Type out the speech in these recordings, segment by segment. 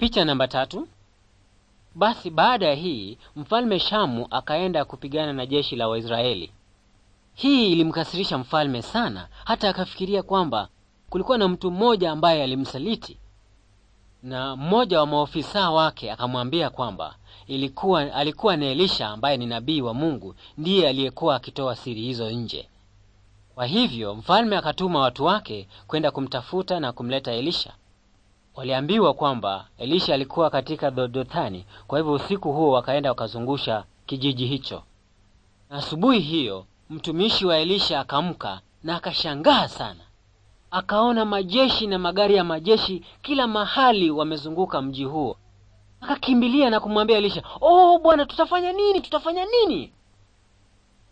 Picha namba tatu. Basi baada ya hii mfalme Shamu akaenda kupigana na jeshi la Waisraeli. Hii ilimkasirisha mfalme sana, hata akafikiria kwamba kulikuwa na mtu mmoja ambaye alimsaliti, na mmoja wa maofisa wake akamwambia kwamba ilikuwa alikuwa ni Elisha ambaye ni nabii wa Mungu, ndiye aliyekuwa akitoa siri hizo nje. Kwa hivyo mfalme akatuma watu wake kwenda kumtafuta na kumleta Elisha. Waliambiwa kwamba Elisha alikuwa katika Dodothani, kwa hivyo usiku huo wakaenda wakazungusha kijiji hicho. Na asubuhi hiyo mtumishi wa Elisha akamka na akashangaa sana, akaona majeshi na magari ya majeshi kila mahali wamezunguka mji huo. Akakimbilia na kumwambia Elisha, oh bwana, tutafanya nini? Tutafanya nini?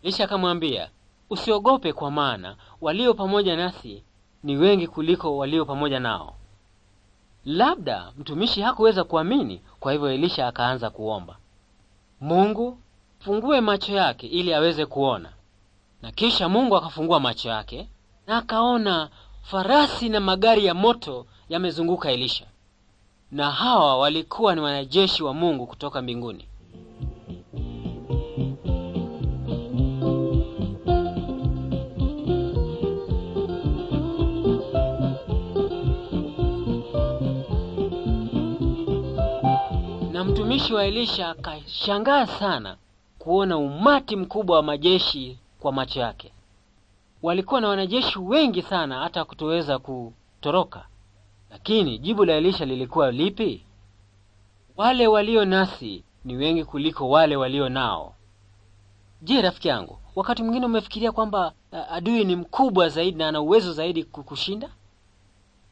Elisha akamwambia, usiogope, kwa maana walio pamoja nasi ni wengi kuliko walio pamoja nao. Labda mtumishi hakuweza kuamini, kwa hivyo Elisha akaanza kuomba, Mungu fungue macho yake ili aweze kuona. Na kisha Mungu akafungua macho yake na akaona farasi na magari ya moto yamezunguka Elisha, na hawa walikuwa ni wanajeshi wa Mungu kutoka mbinguni. Na mtumishi wa Elisha akashangaa sana kuona umati mkubwa wa majeshi kwa macho yake. Walikuwa na wanajeshi wengi sana hata kutoweza kutoroka. Lakini jibu la Elisha lilikuwa lipi? Wale walio nasi ni wengi kuliko wale walio nao. Je, rafiki yangu, wakati mwingine umefikiria kwamba eh, adui ni mkubwa zaidi na ana uwezo zaidi kukushinda?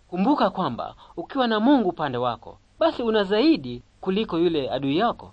Kumbuka kwamba ukiwa na Mungu upande wako, basi una zaidi kuliko yule adui yako.